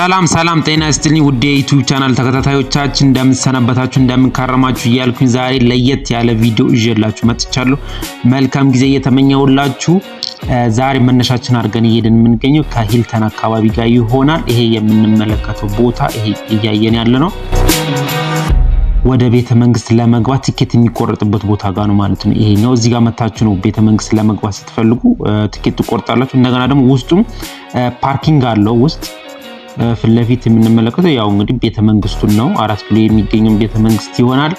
ሰላም ሰላም፣ ጤና ይስጥልኝ ውዴ ዩቲዩብ ቻናል ተከታታዮቻችን እንደምንሰነበታችሁ እንደምንከረማችሁ እያልኩኝ ዛሬ ለየት ያለ ቪዲዮ ይዤላችሁ መጥቻለሁ። መልካም ጊዜ እየተመኘውላችሁ ዛሬ መነሻችን አድርገን እየሄድን የምንገኘው ከሂልተን አካባቢ ጋር ይሆናል። ይሄ የምንመለከተው ቦታ ይሄ እያየን ያለ ነው ወደ ቤተ መንግስት ለመግባት ትኬት የሚቆረጥበት ቦታ ጋር ነው ማለት ነው። ይሄ ነው እዚህ ጋር መታችሁ ነው ቤተ መንግስት ለመግባት ስትፈልጉ ትኬት ትቆርጣላችሁ። እንደገና ደግሞ ውስጡም ፓርኪንግ አለው ውስጥ ፊት ለፊት የምንመለከተው ያው እንግዲህ ቤተ መንግስቱን ነው። አራት ኪሎ የሚገኘው ቤተ መንግስት ይሆናል።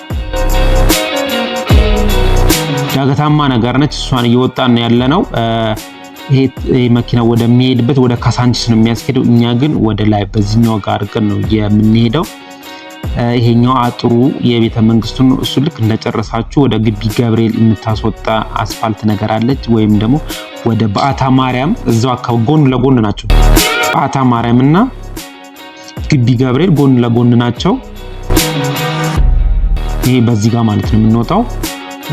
ዳገታማ ነገር ነች። እሷን እየወጣን ያለ ነው። ይሄ መኪና ወደሚሄድበት ወደ ካሳንቺስ ነው የሚያስኬደው። እኛ ግን ወደ ላይ በዚህኛው ጋር አድርገን ነው የምንሄደው። ይሄኛው አጥሩ የቤተ መንግስቱን እሱ ልክ እንደጨረሳችሁ ወደ ግቢ ገብርኤል የምታስወጣ አስፋልት ነገር አለች፣ ወይም ደግሞ ወደ በአታ ማርያም እዛው አካባቢ ጎን ለጎን ናቸው። በአታ ማርያም እና ግቢ ገብርኤል ጎን ለጎን ናቸው። ይሄ በዚህ ጋር ማለት ነው የምንወጣው።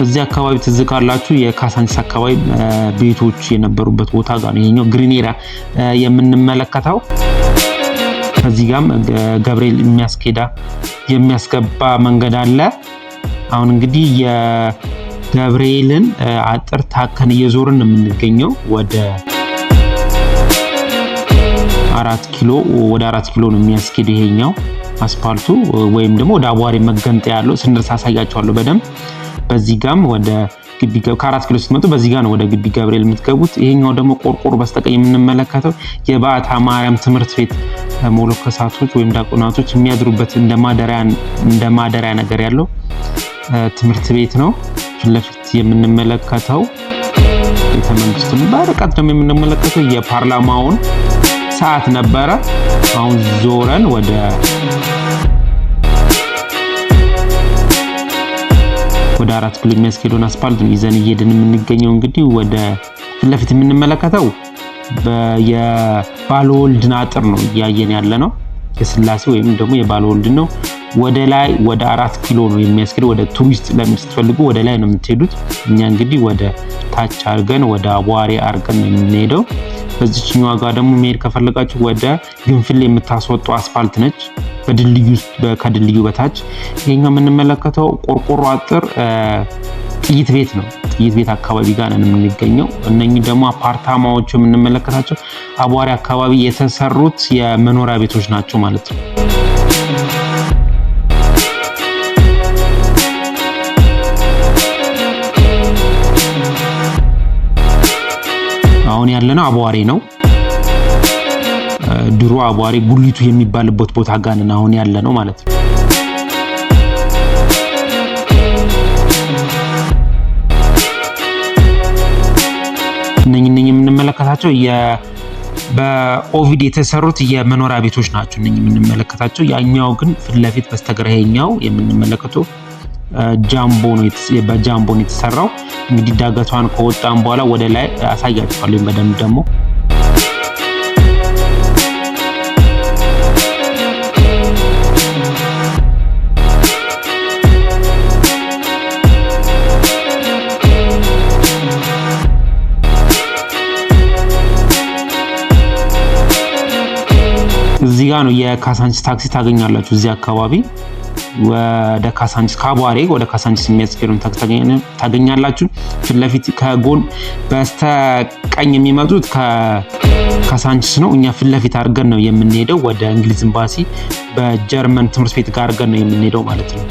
እዚህ አካባቢ ትዝ ካላችሁ የካሳንስ አካባቢ ቤቶች የነበሩበት ቦታ ጋር ነው ይሄኛው ግሪኔራ የምንመለከተው። ከዚህ ጋም ገብርኤል የሚያስኬዳ የሚያስገባ መንገድ አለ። አሁን እንግዲህ የገብርኤልን አጥር ታከን እየዞርን ነው የምንገኘው ወደ አራት ኪሎ ወደ አራት ኪሎ ነው የሚያስኬድ ይሄኛው አስፓልቱ ወይም ደግሞ ወደ አቧሪ መገንጠያ ያለው ስንደርስ አሳያቸዋለሁ በደንብ። በዚህ ጋም ወደ ግቢ ከአራት ኪሎ ስትመጡ በዚህ ጋ ነው ወደ ግቢ ገብርኤል የምትገቡት። ይሄኛው ደግሞ ቆርቆሮ በስተቀኝ የምንመለከተው የባዕታ ማርያም ትምህርት ቤት ሞሎከሳቶች ወይም ዲያቆናቶች የሚያድሩበት እንደ ማደሪያ ነገር ያለው ትምህርት ቤት ነው ፊትለፊት የምንመለከተው ቤተ በርቀት ደግሞ የምንመለከተው የፓርላማውን ሰዓት ነበረ። አሁን ዞረን ወደ ወደ አራት ኪሎ የሚያስኬደውን አስፓልት ነው ይዘን እየሄድን የምንገኘው። እንግዲህ ወደ ፊት ለፊት የምንመለከተው የባለወልድን አጥር ነው እያየን ያለ ነው። የስላሴ ወይም ደግሞ የባለወልድ ነው። ወደ ላይ ወደ አራት ኪሎ ነው የሚያስኬደው። ወደ ቱሪስት ለምትፈልጉ ወደ ላይ ነው የምትሄዱት። እኛ እንግዲህ ወደ ታች አድርገን ወደ አቧሪ አድርገን ነው የምንሄደው። በዚችኛዋ ጋር ደግሞ መሄድ ከፈለጋችሁ ወደ ግንፍሌ የምታስወጡ አስፋልት ነች፣ በድልድዩ ከድልድዩ በታች። ይሄኛው የምንመለከተው ቆርቆሮ አጥር ጥይት ቤት ነው። ይት ቤት አካባቢ ጋር ነን የምንገኘው። እነኚህ ደግሞ አፓርታማዎቹ የምንመለከታቸው አቧሪ አካባቢ የተሰሩት የመኖሪያ ቤቶች ናቸው ማለት ነው። አሁን ያለነው አቧሪ ነው። ድሮ አቧሪ ጉሊቱ የሚባልበት ቦታ ጋር ነን አሁን ያለ ነው ማለት ነው። እነኝ እነኝ የምንመለከታቸው በኦቪድ የተሰሩት የመኖሪያ ቤቶች ናቸው። እነኝ የምንመለከታቸው ያኛው ግን ፊት ለፊት በስተግራ ይሄኛው የምንመለከተው ጃምቦ ነው። በጃምቦ ነው የተሰራው። እንግዲህ ዳገቷን ከወጣን በኋላ ወደ ላይ አሳያችኋለሁ በደንብ ደግሞ እዚህ ጋር ነው የካሳንቺስ ታክሲ ታገኛላችሁ። እዚህ አካባቢ ወደ ካሳንቺስ ከአቧሬ ወደ ካሳንቺስ የሚያስገሩን ታክሲ ታገኛላችሁ። ፊትለፊት ከጎን በስተቀኝ የሚመጡት ከካሳንቺስ ነው። እኛ ፊት ለፊት አድርገን ነው የምንሄደው ወደ እንግሊዝ ኤምባሲ በጀርመን ትምህርት ቤት ጋር አድርገን ነው የምንሄደው ማለት ነው።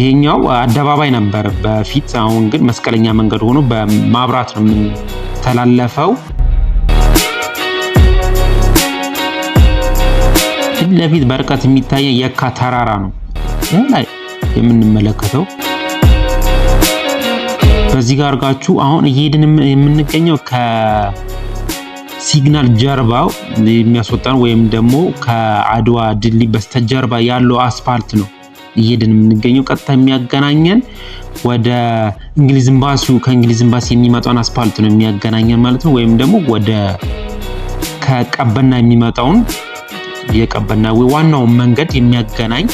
ይሄኛው አደባባይ ነበር በፊት፣ አሁን ግን መስቀለኛ መንገድ ሆኖ በማብራት ነው የምንተላለፈው። ፊት ለፊት በርቀት የሚታየ የካ ተራራ ነው። ይህ ላይ የምንመለከተው በዚህ ጋር አድርጋችሁ አሁን እየሄድን የምንገኘው ከሲግናል ጀርባው የሚያስወጣን ወይም ደግሞ ከአድዋ ድልድይ በስተጀርባ ያለው አስፓልት ነው እየሄድን የምንገኘው። ቀጥታ የሚያገናኘን ወደ እንግሊዝ ኤምባሲው ከእንግሊዝ ኤምባሲ የሚመጣውን አስፓልት ነው የሚያገናኘን ማለት ነው። ወይም ደግሞ ወደ ከቀበና የሚመጣውን የቀበና ዋናውን መንገድ የሚያገናኝ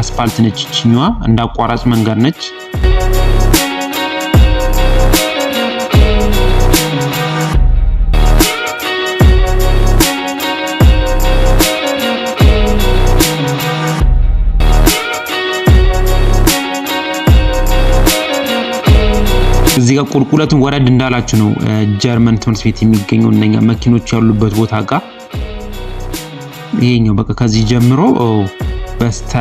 አስፋልት ነች። ይችኛዋ እንዳቋራጭ መንገድ ነች። እዚህ ጋር ቁልቁለቱን ወረድ እንዳላችሁ ነው ጀርመን ትምህርት ቤት የሚገኘው እነኛ መኪኖች ያሉበት ቦታ ጋር ይሄኛው በቃ ከዚህ ጀምሮ በስተ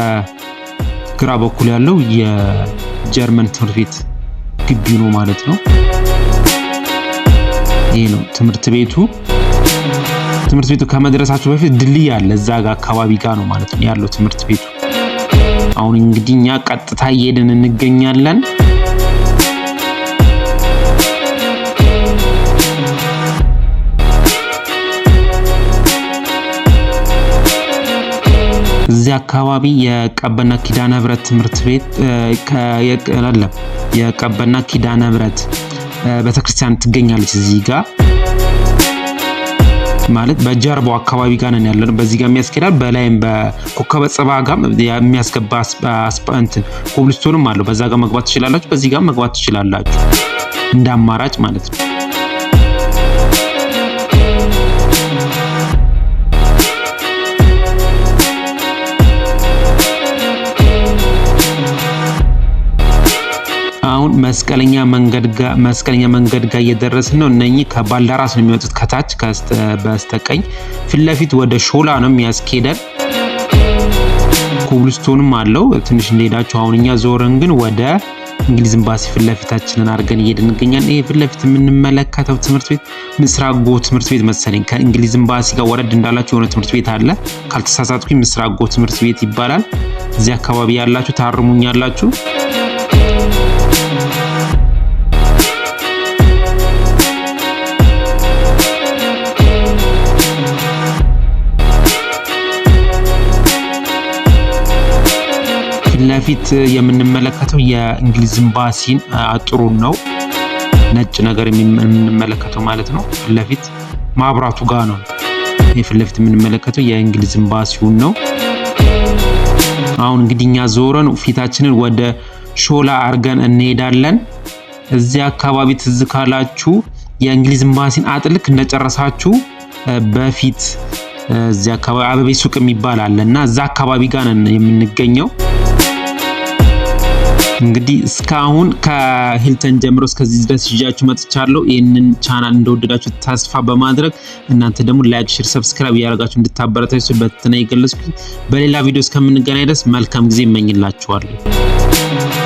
ግራ በኩል ያለው የጀርመን ትምህርት ቤት ግቢ ነው ማለት ነው። ይሄ ነው ትምህርት ቤቱ። ትምህርት ቤቱ ከመድረሳቸው በፊት ድልድይ አለ፣ እዛ ጋር አካባቢ ጋር ነው ማለት ነው ያለው ትምህርት ቤቱ። አሁን እንግዲህ እኛ ቀጥታ እየሄድን እንገኛለን። እዚህ አካባቢ የቀበና ኪዳነ ህብረት ትምህርት ቤት የለም፣ የቀበና ኪዳነ ህብረት ቤተክርስቲያን ትገኛለች። እዚህ ጋር ማለት በጀርቦ አካባቢ ጋር ነን ያለን። በዚህ ጋር የሚያስኬዳል፣ በላይም በኮከበ ጽባ ጋር የሚያስገባ እንትን ኮብልስቶንም አለው። በዛ ጋር መግባት ትችላላችሁ፣ በዚህ ጋር መግባት ትችላላችሁ፣ እንደ አማራጭ ማለት ነው። መስቀለኛ መንገድ ጋር መስቀለኛ መንገድ ጋር እየደረስን ነው። እነኚህ ከባልዳራስ ነው የሚወጡት ከታች በስተቀኝ። ፊት ለፊት ወደ ሾላ ነው የሚያስኬደን። ኮብልስቶንም አለው ትንሽ እንደሄዳችሁ። አሁን እኛ ዞረን ግን ወደ እንግሊዝ ኤምባሲ ፊት ለፊታችንን አድርገን እየሄድን እንገኛለን። ይህ ፊት ለፊት የምንመለከተው ትምህርት ቤት ምስራጎ ትምህርት ቤት መሰለኝ። ከእንግሊዝ ኤምባሲ ጋር ወረድ እንዳላችሁ የሆነ ትምህርት ቤት አለ ካልተሳሳትኩኝ፣ ምስራጎ ትምህርት ቤት ይባላል። እዚህ አካባቢ ያላችሁ ታርሙኛላችሁ። ፊት ለፊት የምንመለከተው የእንግሊዝ ኤምባሲን አጥሩን ነው። ነጭ ነገር የምንመለከተው ማለት ነው። ፊት ለፊት ማብራቱ ጋር ነው። ፊት ለፊት የምንመለከተው የእንግሊዝ ኤምባሲውን ነው። አሁን እንግዲህ እኛ ዞረን ፊታችንን ወደ ሾላ አድርገን እንሄዳለን። እዚህ አካባቢ ትዝ ካላችሁ የእንግሊዝ ኤምባሲን አጥልክ እንደጨረሳችሁ በፊት እዚህ አካባቢ አበቤ ሱቅ የሚባል አለ እና እዛ አካባቢ ጋር የምንገኘው እንግዲህ እስካሁን ከሂልተን ጀምሮ እስከዚህ ድረስ ይዣችሁ መጥቻለሁ። ይህንን ቻናል እንደወደዳችሁ ተስፋ በማድረግ እናንተ ደግሞ ላይክ፣ ሼር፣ ሰብስክራይብ እያደረጋችሁ እንድታበረታችሁ በትና የገለጽኩኝ። በሌላ ቪዲዮ እስከምንገናኝ ድረስ መልካም ጊዜ እመኝላችኋለሁ።